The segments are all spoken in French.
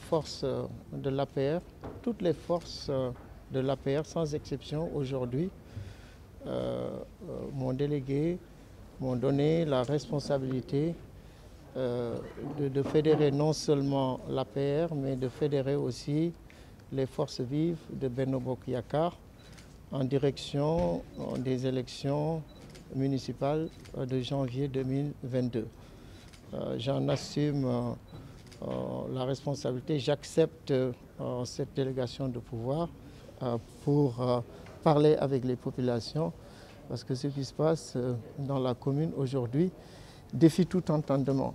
forces euh, de l'APR, toutes les forces euh, de l'APR, sans exception, aujourd'hui, euh, m'ont délégué, m'ont donné la responsabilité de, fédérer non seulement l'APR, mais de fédérer aussi les forces vives de Benobok Yakar en direction des élections municipales de janvier 2022. J'en assume euh, la responsabilité, j'accepte euh, cette délégation de pouvoir euh, pour parler avec les populations, parce que ce qui se passe dans la commune aujourd'hui défie tout entendement.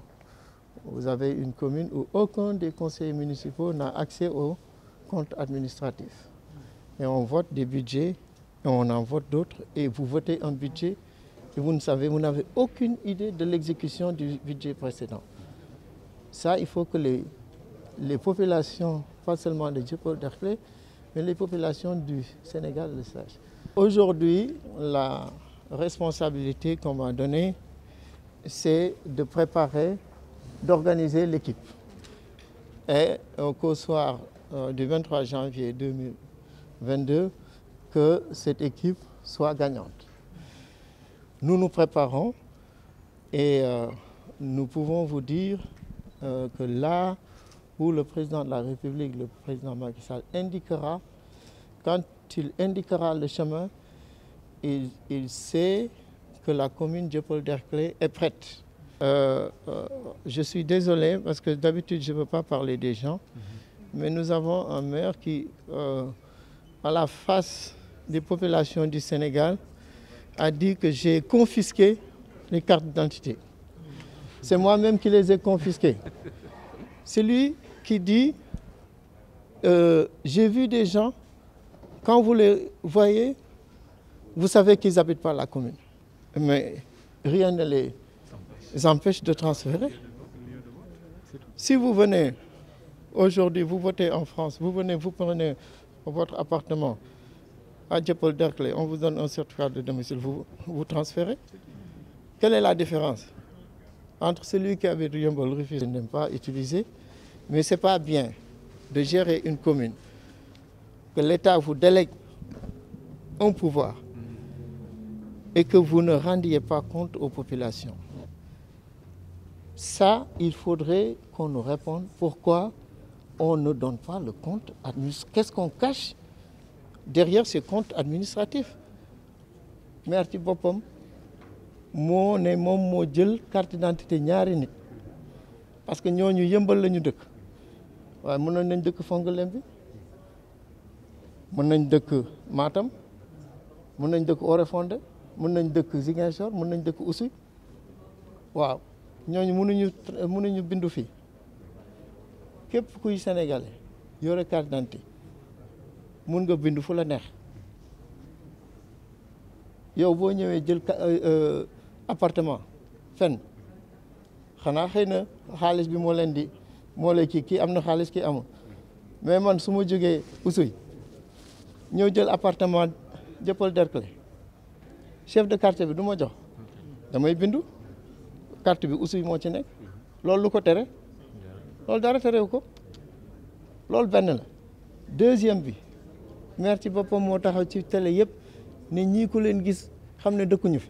Vous avez une commune où aucun des conseillers municipaux n'a accès aux comptes administratifs. Et on vote des budgets, et on en vote d'autres, et vous votez un budget, et vous ne savez, vous n'avez aucune idée de l'exécution du budget précédent. Ça, il faut que les, populations, pas seulement de Djeko d'Arclé, mais les populations du Sénégal le sachent. Aujourd'hui, la responsabilité qu'on m'a donnée, c'est de préparer, d'organiser l'équipe. Et euh, au soir euh, du 23 janvier 2022, que cette équipe soit gagnante. Nous nous préparons et euh, nous pouvons vous dire euh, que là où le président de la République, le président Macky Sall, indiquera, quand il indiquera le chemin, il, sait que la commune de paul derclé est prête. Euh, euh, je suis désolé parce que d'habitude je ne veux pas parler des gens, mhm. mais nous avons un maire qui, à la face des populations du Sénégal, a dit que j'ai confisqué les cartes d'identité. C'est moi-même qui les ai confisqués. C'est lui qui dit, euh, j'ai vu des gens, quand vous les voyez, vous savez qu'ils n'habitent pas la commune. Mais rien ne les empêche de transférer. Si vous venez aujourd'hui, vous votez en France, vous venez, vous prenez votre appartement à Paul derclay on vous donne un certificat de domicile, vous vous transférez. Quelle est la différence entre celui qui avait du Rufus, je n'aime pas utiliser, mais ce n'est pas bien de gérer une commune, que l'État vous délègue un pouvoir et que vous ne rendiez pas compte aux populations. Ça, il faudrait qu'on nous réponde pourquoi on ne donne pas le compte administratif. Qu'est-ce qu'on cache derrière ce compte administratif Merci beaucoup. mo ne mom mo jël carte d'identité ñaari nit parce que ñoñu yëmbal lañu dëkk waay mëna nañ dëkk Fongolembi bi mëna nañ dëkk Matam mëna nañ dëkk orefonde mëna nañ dëkk Ziguinchor mëna nañ dëkk Oussouye waaw ñooñu mënuñu mënuñu bindu fi képp kuy sénégalais yore carte d'identité mën nga bindu fu la neex yow bo ñëwé jël euh, euh, appartement fenn xanaa xëy na xaalis bi moo leen di moo lay kii kii am na xaalis kii amul mais man su ma jógee Oussouye ñëw jël apartement jëppal Derklé chef de quartier bi duma jox damay bindu carte bi Oussouye moo ci nekk loolu lu ko tere loolu dara terewu ko loolu benn la deuxième bi maire ci boppam moo taxaw ci tele yëpp ne ñii ku leen gis xam ne dëkkuñu fi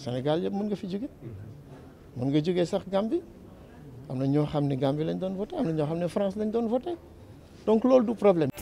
Sénégal yëpp mën nga fi jóge mun nga jógee sax Gambie am na ñoo xam ne Gambie lañ doon voté am na ñoo xam ne France lañ doon voté donc loolu du problème